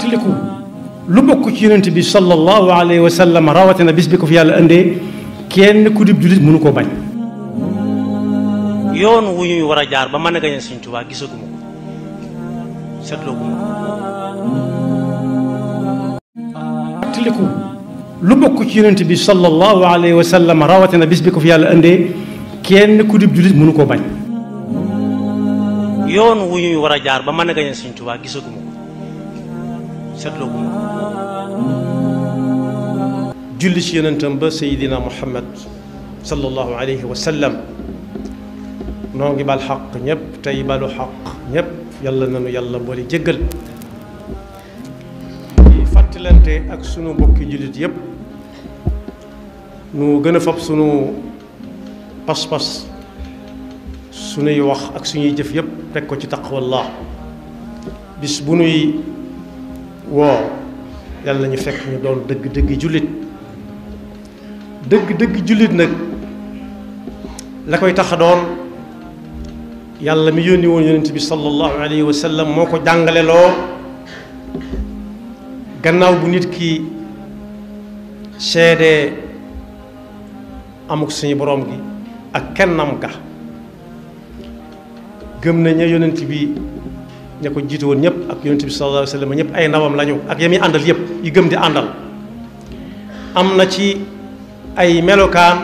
fàttaliku lu bokk ci yonent bi sallallahu alayhi wa sallam na bis bi ko fi yàlla indee kenn ku dib jullit mënu koo bañ. yoon wu ñuy war a jaar ba man a gañe Sëñ Tuubaa gisaguma ko seetlooguma lu bokk ci bi sallallahu alayhi wa sallam rawatina bis bi ko fi yàlla indee kenn ku dib jullit mënu bañ. yoon wu ñuy war a jaar ba mën a gañe Sëñ Tuubaa gisaguma seetloo bu ma julli ci yonentam ba sayidina muhammad sallallahu alayhi wa sallam noo ngi bal xaq ñëpp tey balu xaq ñëpp yàlla nanu yàlla boole jéggal di fàttalante ak sunu mbokki jullit yëpp nu gën a fab sunu pas-pas sunuy wax ak suñuy jëf yëpp teg ko ci taqwallah bis bu nuy woo yàlla nañu fekk ñu doon dëgg-dëgg jullit dëgg-dëgg jullit nag la koy taxadoon yàlla mi yónni woon yonent bi sallallahu alayhi wa sallam moo ko jàngale loo gannaaw bu nit ki seedee amuk suñu boroom gi ak kennam ga gëm nañu yonent bi ña ko jiite woon ñëpp ak yonent bi sallallahu alayhi wa sallam ñëpp ay ndawam lañu ak yami àndal yëpp yi gëm di àndal am na ci ay melokaan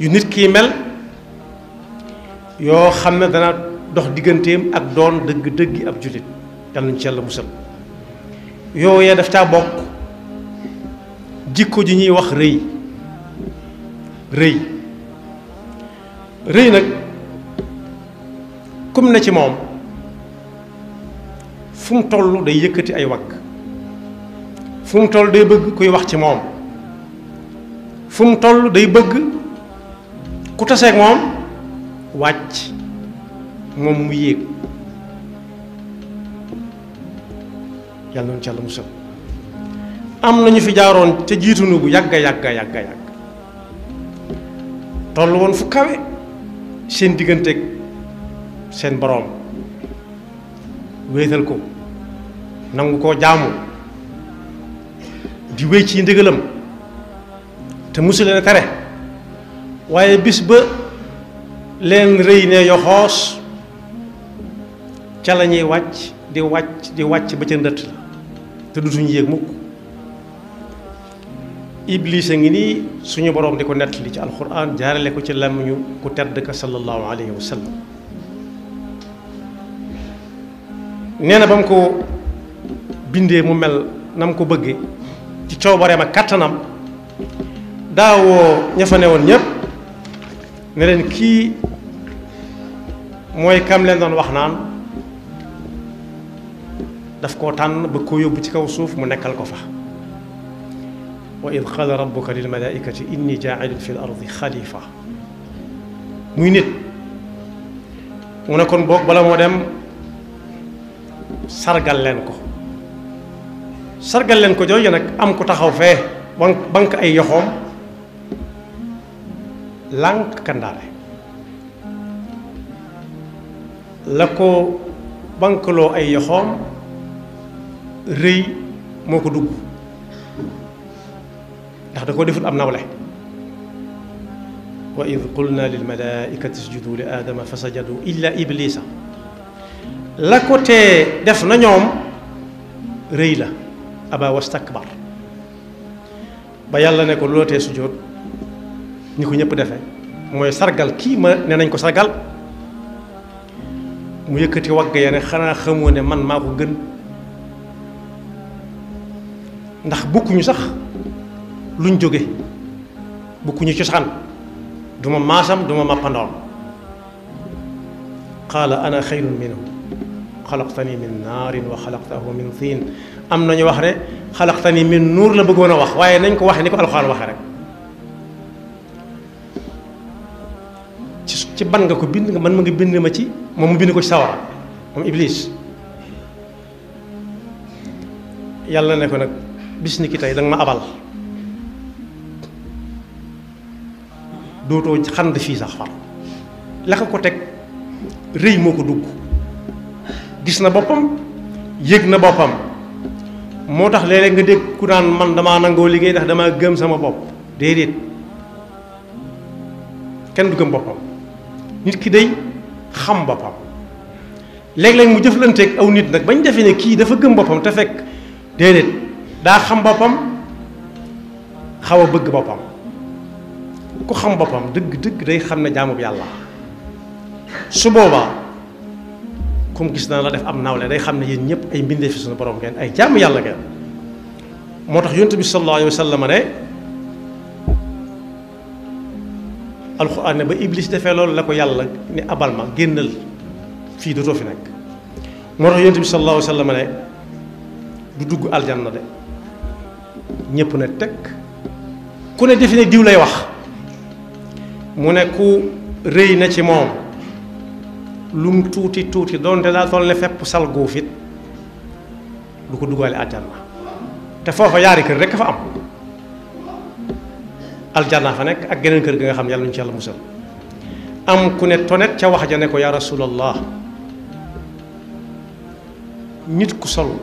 yu nit kii mel yoo xam ne dana dox digganteem ak doon dëgg-dëggi ab jullit yal nañu ci yàlla musal yooyee daf ca bokk jikko ji ñuy wax rëy rëy rëy nag kum ne ci moom fu mu toll day yëkkati ay wagg fum mu toll day bëgg kuy wax ci moom fum tollu day bëgg ku taseeg moom wàcc moom mu yéeg yàlla noonu ci yàlla am na ñu fi jaaroon ca jiitunu bu yàgga yàgga yàgga yàgg toll woon fu kawe seen digganteeg seen boroom wéetal ko nangu koo jaamu di wéy ci ndigalam te musu leen tere waaye bis ba leen rëy ne yoxoos ca la ñuy wàcc di wàcc di wàcc ba ca ndëtt la te dutuñu yéeg mukk iblis a ngi nii suñu boroom di ko nettali ci alxuraan jaarale ko ci làmmiñu ku tedd ka sallallahu alayhi wa nee na ba ko bindé mu mel nam ko bëggee ci coobareem ak katanam daawoo ña fa ne woon ñëpp ne len ki moy kam len doon wax naan daf ko tan ba ko yóbbu ci kaw suuf mu nekkal ko fa wa id qaala rabbuka lil malaikati inni jaa'ilun fi ardi xalifa muy nit mu ne kon bok bala mo dem sargal len ko sargal len ko jooju nak am ko taxaw fe bank ay yoxom lànk kandare lako bank lo ay yoxom reuy moko ko ndax da koo defut am nawle wa id qulna lil malaikati isjudu li adama fasajadu illa iblisa lako te def na ñom reuy la aba wastakbar ba yàlla ne ko lu la tee sujjóot ni ko ñëpp defe mooy sargal kii ma ne nañ ko sargal mu yëkkati wagg ya ne xanaa xamoo ne man maa ko gën ndax ñu sax luñ jóge bukkuñu cosaan duma masam duma màppandoom qaala ana xayrun minhu xalaqtani min naarin wa xalaqtahu min tiin am na ñu wax ne xalaqtani min nuur la bëggoon a wax waaye nañ ko waxee ni ko alxuraan waxee rek ci ci ban nga ko bind nga man ma nga bind ma ci moom mu bind ko ci sawara moom iblis yàlla ne ko nag bis ni danga ma abal dootoo xand fii sax far la ko teg réy moo ko dugg gis na boppam yëg na boppam moo tax léeg nga dégg ku naan man damaa nangoo liggéey ndax damaa gëm sama bopp déedéet kenn du gëm boppam nit ki day xam boppam léeg-léeg mu jëflanteek aw nit nag bañ defee ne kii dafa gëm boppam te fekk déedéet daa xam boppam xaw a bëgg boppam ku xam boppam dëgg dëgg day xam ne jaamu bi yàlla su boobaa kum gis dana la def am nawle day xam ne yéen ñëpp ay mbindee fi suñu borom ngeen ay jàmm yàlla ngeen moo tax yonent bi sallallahu alayhi wa sallam ne alxuraan ne ba iblis defee loolu la ko yàlla ne abal ma génnal fii dootoo fi nekk moo tax yonent bi sallallahu alayhi wa sallam ne du dugg aljanna de ñëpp ne tekk ku ne defe ne diw lay wax mu ne ku rëy na ci moom lu tuuti tuuti doonte daa toll ne fepp sal guuf it du ko dugaale aljanna te foofa yaari kër rek fa am aljanna fa nekk ak geneen kër gi nga xam yàlla ñu ci yàlla musal am ku ne tonet ca wax ja ne ko yaa rasulallah nit ku sol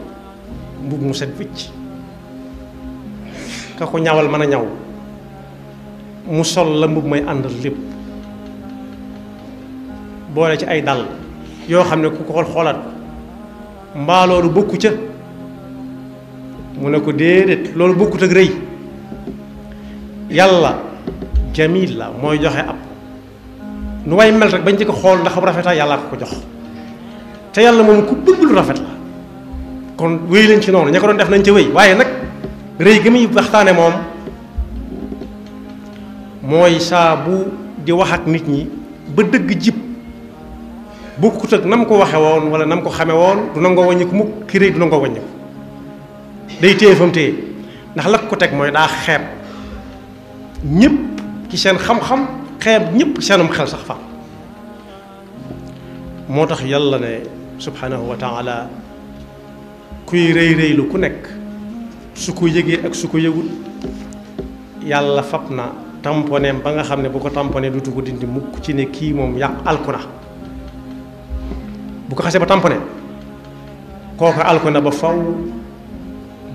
mbubb mu set wicc ka ko ñawal mën a ñaw mu sol la mbubb may àndal lépp boole ci ay dal yoo xam ne ku ko xool xoolaat mbaa loolu ca mu ne ko déedéet loolu bokkut ak rëy yàlla jamil la mooy joxe ab nu way mel rek bañ ci ko xool ndax bu rafetaay yàlla ko ko jox te yàlla moom ku bëgg rafet la kon wéy lañ ci noonu ña ko doon def nañ ca wéy waaye nag rëy gi muy waxtaane moom mooy saa bu di wax ak nit ñi ba dëgg jib bokkut ak nam ko waxe woon wala nam ko xame woon du nangoo wàññiku mukk ki réy du nangoo wàññiku day téye fam téye ndax la ko teg mooy daa xeeb ñépp ci seen xam-xam xeeb ñëpp seenum xel sax fa moo tax yàlla ne subhanahu wa taala kuy rëy rëylu ku nekk su ko yëgee ak su ko yëgul yàlla fab na tamponeem ba nga xam ne bu ko tamponee du ko dindi mukk ci ne kii moom yàq alku bu ko xasse ba tamponné kooka alko na ba faw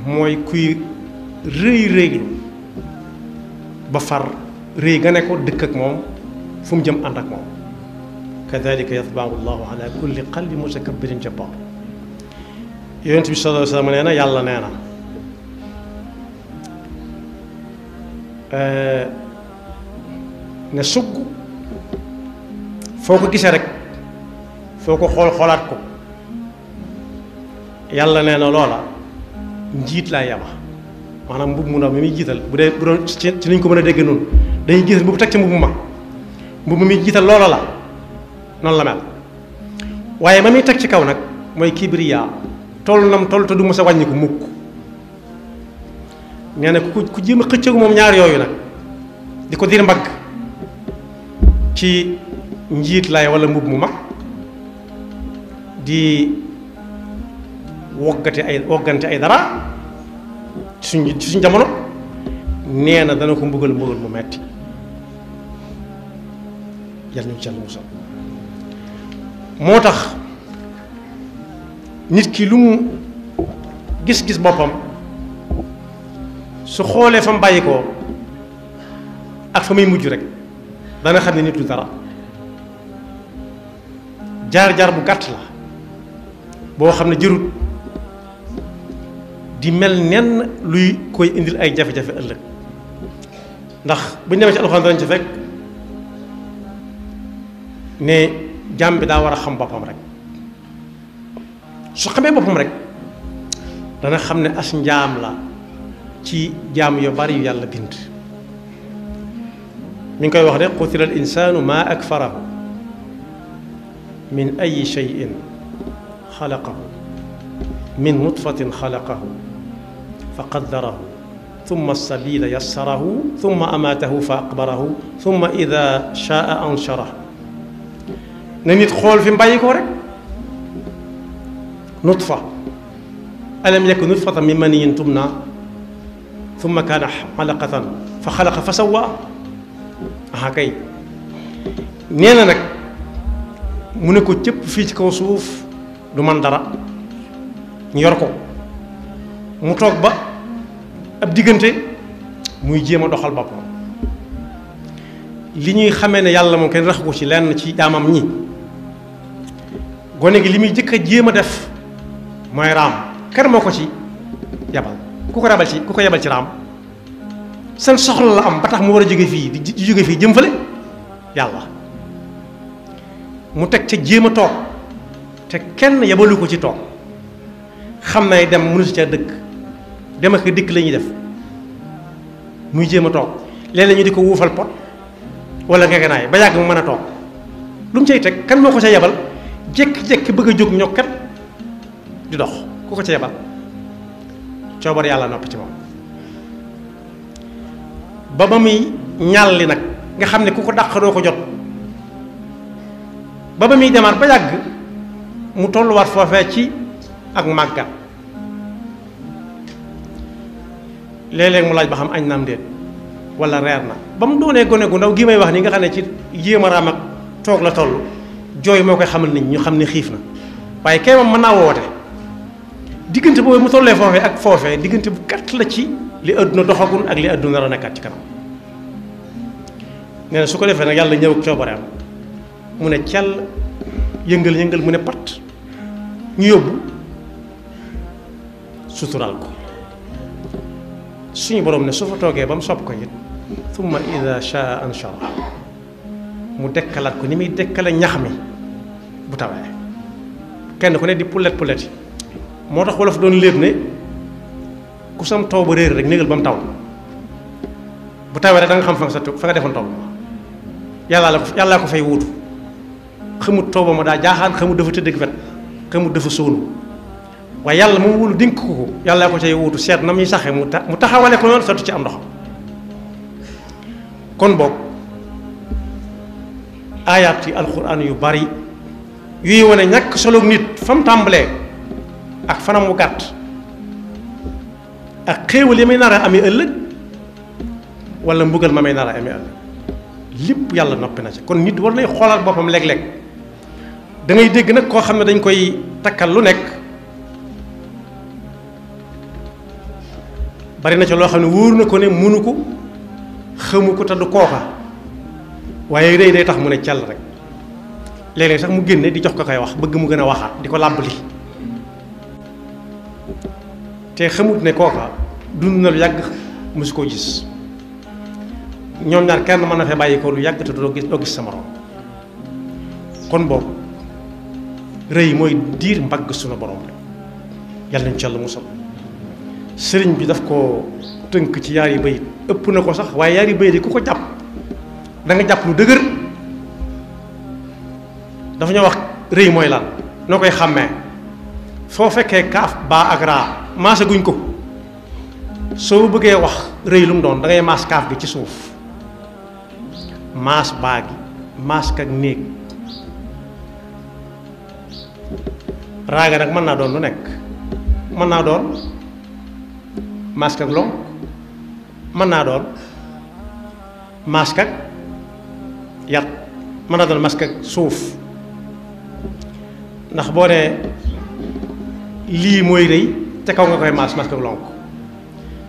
moy kuy reuy reuy ba far reuy gané ko dëkk ak mom fum jëm andak mom moom kadalika yatbau llahu ala kulli qalbi mutakabbirin jabbaar yonent bi sallallahu alayhi wa sallam nee na yàlla nee na ne sugg foo rek foo ko xool xoolaat ko yàlla nee na loola njiit laa yama maanaam mbubb mu ndaw mi muy jiital bu dee bu doon ci nañ ko mën a dégg noonu dañuy jiital mbubb teg ca mbubb mu mag mbubb mi jiital loola la noonu la mel waaye ma muy teg ci kaw nag mooy kibriya toll nam toll te du mos a wàññi ko mukk nee na ku ku jéem a xëcceegu moom ñaar yooyu nag di ko dir mbagg ci njiit lay wala mbubb mu mag di woggate ay woggante ay dara suñ ci suñ jamono nee na dana ko mbugal mbugal mu metti yal ñu ci mu musal moo tax nit ki lu mu gis-gis boppam su xoolee fa mu bàyyi ko ak fa muy mujj rek dana xam ne nit lu dara jaar-jaar bu gàtt la boo xam ne jërut di mel nenn luy koy indil ay jafe-jafe ëllëg ndax bu ñu demee ci alxuraan fekk ne jaam bi daa war a xam boppam rek su xamee boppam rek dana xam ne as njaam la ci jaam yu bari yu yàlla bind mi ngi koy wax ne qutila al insaanu maa akfarahu min ayi cheyin خلقه من نطفة خلقه فقدره ثم السبيل يسره ثم أماته فأقبره ثم إذا شاء أنشره نميت خول في مبايك رك نطفة ألم يكن نطفة من مني تمنى ثم كان علقة فخلق فسوى هكاي نينا نك mu ne ko cëpp du man dara ñu yor ko mu toog ba ab diggante muy jéem a doxal boppam li ñuy xamee ne yàlla moom kenn raxu ko ci lenn ci jaamam ñi gone gi li muy jëkk a jéem a def mooy raam kenn moo ko ci yabal ku ko rabal ci ku ko yabal ci raam seen soxla la am ba tax mu war a jóge fii di jóge fii jëmfale yàlla mu teg ca jéem a toog te kenn yabalu ko ci toog xam nay dem mënu ca dëkk dem ak dikk lañuy def muy jéem a toog léeg-léeg ñu di ko wuufal pot wala ngeganaay ba yàgg mu mën a toog lu mu cay teg kenn moo ko ca yabal jékki-jékki bëgg a jóg ñokkat di dox ku ko ca yabal coobar yàlla nopp ci moom ba ba muy ñàlli nag nga xam ne ku ko dàq doo ko jot ba ba muy demaat ba yàgg mu tolluwaat foofee ci ak màggat léeg mu laaj ba xam añ naam déet wala reer na ba mu doonee gone gu ndaw gi may wax ni nga xam ne ci yéem a raam ak toog la toll jooy moo koy xamal nit ñu xam ne xiif na waaye kay moom mën naa woote diggante boobu mu tollee foofee ak foofee diggante bu gàtt la ci li àdduna doxagul ak li àdduna nar a nekkaat ci kanam nee su ko defee nag yàlla ñëw ak coobareem mu ne cell yëngal yëngal mu ne pat ñu yóbbu sutural ko suñu boroom ne su fa toogee ba mu sopp ko yit it thumma ida shaa ansha mu dekkalaat ko ni muy dekkale ñax mi bu tawee kenn ku ne di pulet pulet yi moo tax wolof doon léeb ne ku sam taw ba réer rek négal ba mu taw bu tawee rek da xam fa nga sa fa nga defoon taw yàllaa la yàllaa ko fay wuutu xamut tooba ma daa jaaxaan xamut dafa tëdd ak fet xamut dafa sóonu waaye yàlla moom wóolu dénk ko ko yàlla ko cay wuutu seet na muy mu taxawale ko noonu sotti ci am ndox kon boog aayaat yi alxuraan yu bari yuy wane ñàkk solo nit fa mu ak fanam mu gàtt ak xéewal yi may nar a amee ëllëg wala mbugal ma may nar a amee ëllëg lépp yàlla noppi na ci kon nit war nay xoolal boppam léeg-léeg da ngay dégg nag koo xam ne dañ koy takkal lu nekk bari na ci loo xam ne wóor na ko ne munu ko xamu ko te du kooka waaye day tax mu ne càll rek léeg-léeg sax mu génne di jox ko koy wax bëgg mu gën a waxaat di ko làbb te xamut ne kooka dund na lu yàgg mosu koo gis ñoom ñaar kenn mën na fee bàyyi ko lu yàgg te doo gis doo gis sa morom kon boobu rëy mooy diir mbagg sunu borom rek yàlla nañu ci yàlla musal sëriñ bi daf ko tënk ci yaari bayit ëpp na ko sax waaye yaari bayit yi ku ko jàpp da nga jàpp lu dëgër dafa ñoo wax rëy mooy lal noo koy xàmmee soo fekkee kaaf baa ak raa maase guñ ko soo bëggee wax rëy lu mu doon da ngay maas kaaf gi ci suuf maas baa gi maas kak néeg raaga nag mën naa doon lu nekk mën naa doon masque ak lonk mën naa doon masque ak yat mën naa doon masque suuf ndax boo ne lii mooy rëy te kaw nga koy maas masque ak lonk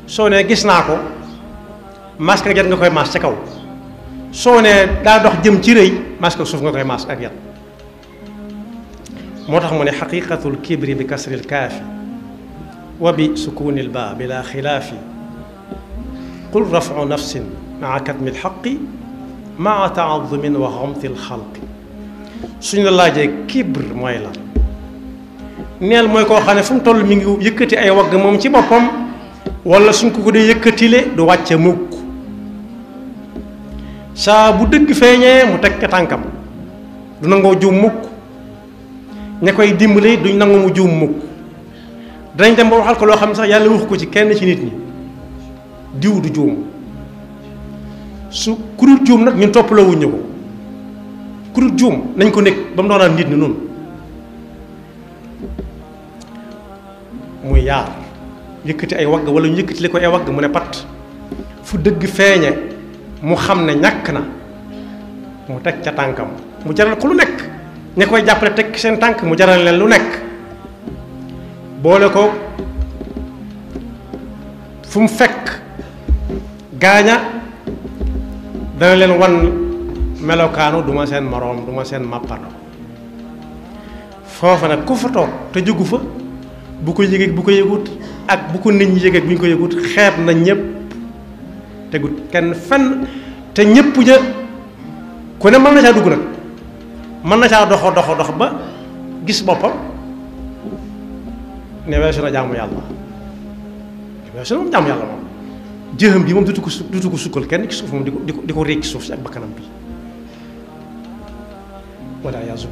soo ne gis naa ko masque ak yat nga koy maas ca kaw soo ne daa dox jëm ci rëy masque suuf nga koy maas ak yat moo tax mu ne xaqiqatul kibri bi kasril kaafi wa bi sukunil baa bi laa xilaafi qul rafu nafsin maa katmi lxaqi maa taadumin wa xamti lxalqi suñ la laajee kibr mooy la neel mooy koo xam ne fu mu toll mi ngi yëkkati ay wagg moom ci boppam wala suñ ko ko dee yëkkatile du wàcce mukk saa bu dëgg feeñee mu teg tànkam du nangoo jiw mukk ne koy dimbali duñ nangu mu juum mukk dañ dem ba waxal ko loo xam sax yàlla wax ko ci kenn ci nit ñi diw du juum su kurul juum nag ñun toppaloo wuñ ko kurul juum nañ ko nekk ba mu nit ni noonu muy yaar yëkkati ay wagg wala ñu yëkkati ay wagg mu ne pat fu dëgg feeñe mu xam ne ñàkk na mu teg ca tànkam mu jaral ko lu nekk ña koy jàppale teg seen tànk mu jaral leen lu nekk boole ko fu mu fekk gaaña dana leen wan melokaanu duma seen moroom duma seen màpparlo foofa nag ku fa te jógu fa bu ko yëgeeg bu ko yëgut ak bu ko nit ñi yëgeeg bu ñu ko yëgut xeeb na ñëpp tegut kenn fenn te ñëpp ja ku ne mën na caa dugg nag mën na caa doxo doxo doxa ba gis boppam ne weesu na jaamu yàlla weesu na moom jaamu yàlla moom jëxam bi moom dutu ko dutu ko sukkal kenn ci suuf moom di ko di ko di si ak bakkanam bi wala yaasu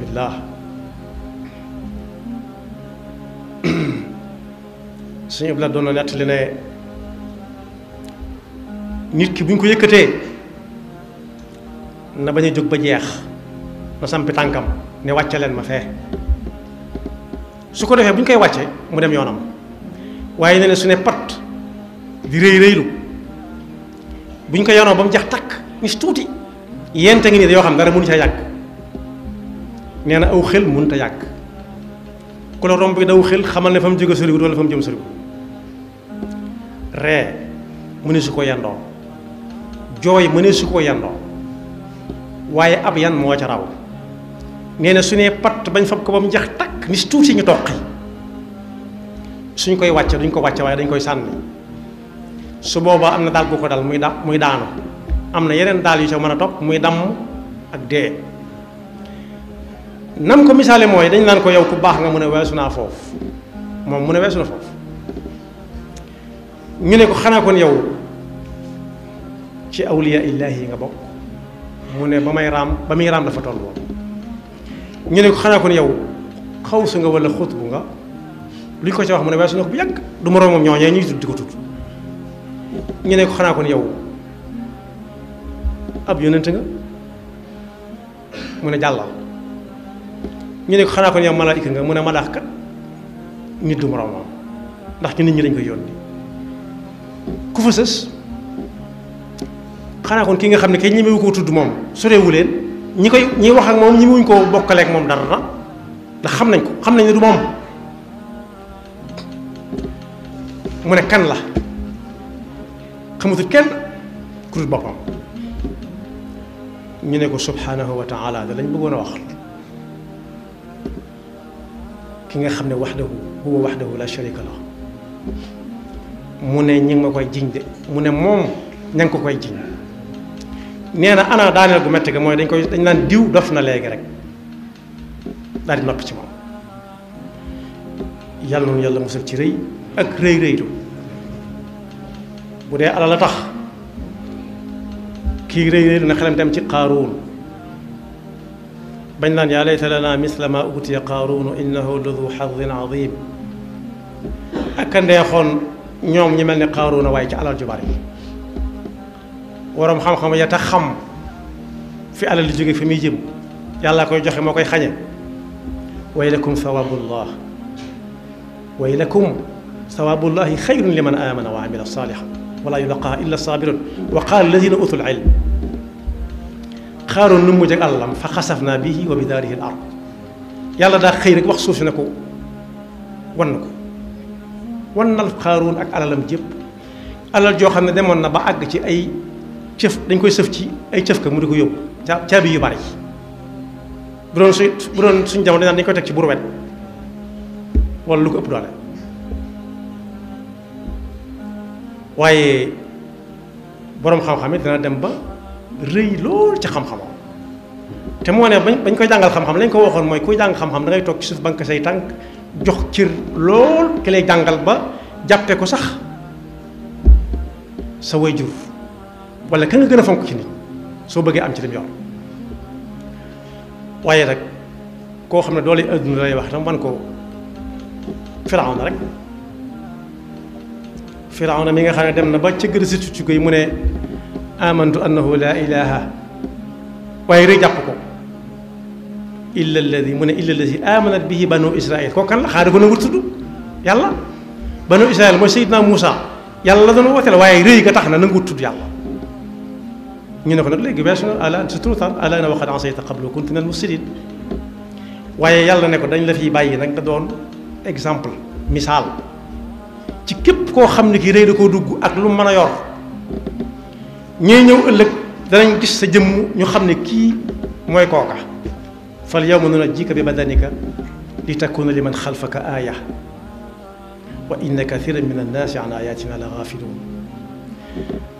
la doon na nettali ne nit ki bu ñu ko yëkkatee na bañ jóg ba jeex la sampi tànkam ne wàcce leen ma fee su ko defee bu ñu koy wàcce mu dem yoonam waaye ne ne su ne pat di rëy rëylu bu ñu ko yoonoo ba mu jax takk ni si tuuti yente ngi nii yoo xam dara mun ca yàgg nee na aw xel mënut a yàgg ku daw xel xamal ne fa mu jóge soriwut wala fa jëm soriwut ree su ko yendoo jooy mu ne su ko yendoo waaye ab yan moo ca raw neena suñé pat bañ fa ko bam jax tak ni tuti ñu tokki suñ koy wàcce duñ ko wàcce way dañ koy sanni su boba amna dal daal ko dal muy da muy daanu amna yenen dal yu ci mëna a muy dam ak dee nam ko misale moy dañ naan ko yow ku bax nga mu ne weesu naa foofu moom mu na ñu ne ko xana kon yow ci awliya illahi nga bok mu ne ba ram bamay ram dafa tollu ñu ne ko xanaa kon yow xaw su nga wala xóot bu nga luñ ko ci wax mu ne waaye suñu wax bu yàgg du moroomam ñooñee ñuy tudd di ko tudd ñu ne ko xanaa kon yow ab yonent nga mu ne jàllal ñu ne ko xanaa kon yow malaayika nga mu ne malaax kat nit du moroomam ndax ñu nit ñi dañ koy yónni ku fa sës xanaa kon ki nga xam ne kay ñemewu koo tudd moom leen ñi koy ñi wax ak moom ñi muñ koo bokkaleek moom dara ndax xam nañ ko xam nañ ne du moom mu ne kan la xamatul kenn ku dul boppam ñu ne ko subhanahu wa da lañ bëggoon a wax ki nga xam ne waxdahu huwa waxdahu la sharika la mu ne ñi ma koy jiñ de mu ne moom ña ngi ko koy jiñ neena ana daanel gu métti ga moy dañ koy dañ nan diw dof na legi rek daal di noppi ci mom yàlla nu yàlla musal ci reey ak reey reey do budé ala la tax ki reey reey na xalam dem ci qarun bañ nan ya layta lana misla ma utiya qarun innahu ladhu hadhin azim akande xon ñom ñi melni qarun way ci alal ju bari waroom xam-xam ya tax xam fi alal di jóge fi muy jëm yàlla koy joxe moo koy xañe waylakum sawabullah waylakum sawabullahi xayrun liman amana wa amila salihan wala yulaqaa illa sabirun wa qaala alladina utul ilm xaaroon nu mujj ak àllam fa xasafna bihi wa bidaarihi al ard yàlla daa xëy rek wax suuf si ne ko wan na ko wan nal xaaroon ak alalam jëpp alal joo xam ne demoon na ba àgg ci ay chef dañ koy seuf ci ay chef ka mu di ko yóbbu caabi yu bari bu don su bu don suñu jamono dañ koy tek ci burwet wala lu ko ëpp doole waye borom xam-xam it dana dem ba reuy lool ci xam xam te mo ne bañ bañ koy jàngal xam-xam lañ ko waxon moy kuy jang xam-xam da ngay tok ci suuf bank say tank jox cir lool ke lay jangal ba jappé ko sax sa wayjur jur wala ka nga gën a fonk ci nit soo bëggee am ci lim yor waaye rek koo xam ne doole adduna lay wax tam man ko firawna rek firawna nga xam ne dem na ba ci gën a situci koy mu ne amantu annahu laa ilaha waaye rek jàpp ko illa alladi mu ne illa alladi amanat bihi banu israil kooku kan la xaar ko na wut tudd yàlla banu israil mooy sayidna Moussa yàlla la doon wooteel waaye rëy ga tax na nangu tudd yàlla ñu ko nag léegi weesu na ala ci tout temps ala na waxad asayta qablu kunta minal mufsidin waye yàlla ne ko dañ la fi bàyyi nak da doon exemple misal ci képp koo xam ne ki réy da koo dugg ak lu mën a yor ñuy ñëw ëllëg danañ gis sa jëmm ñu xam ne kii mooy kooka fal yawma nunajjika bi badanika li takuna liman xalfaka aaya wa inna kathiran min annaasi an ayatina la gaafiluun